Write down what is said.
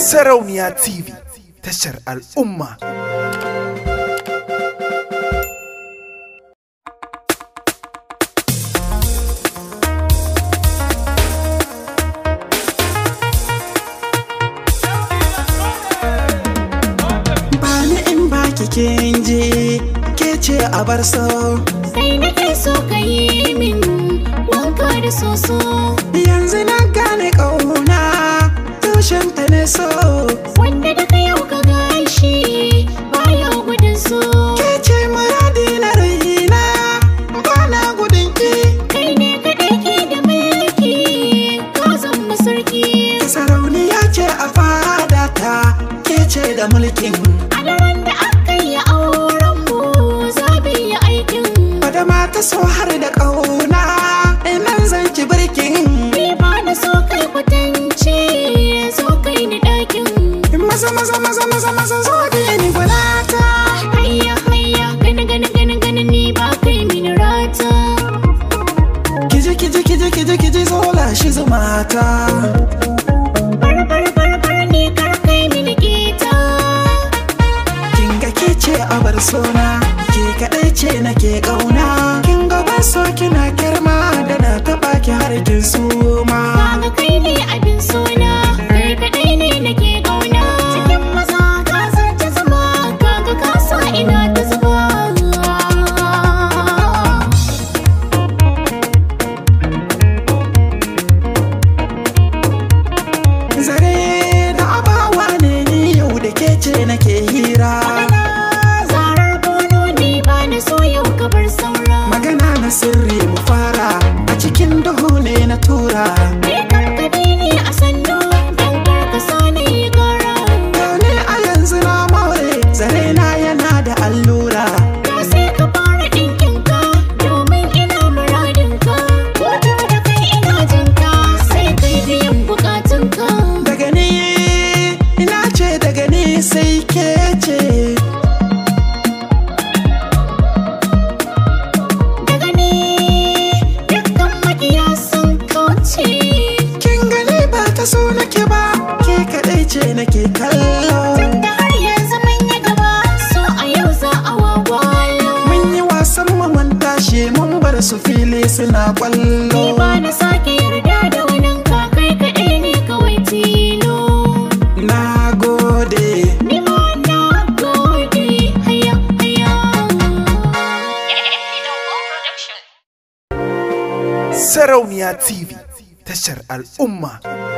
Sarauniya TV tashar al'umma. Bani in baki kin je ke ce a bar sau. Sai nake so ka yi min wanka da soso. Yanzu na gane ƙau. so wanda daga yau ka gashi baya gudun so ke ce muradi na raina ba na gudun ki kai ne ka dake da mulki ka zama sarki sarauniya ce a fadata ke ce da mulkin a daren da aka yi auren mu zabi aikin wadama ta so har da ƙauna maza maza zo da ni gwalata. hayya hayya gani gani gani gani ni ba kai min rata kiji kiji kiji kiji kiji zo lashi zumata bara bara bara bara ne kar kai min kita kinga ke ce abar sona ke kaɗai ce nake kawo time. ce nake kallo Tunda har yanzu mun yi gaba so a yau za a wawala Mun yi wasan mun tashi mun bar su fili suna kwallo Ni na sake yarda da wani kakai kaɗai ne kawai tilo Na gode Ni ma na gode haya haya tashar al'umma.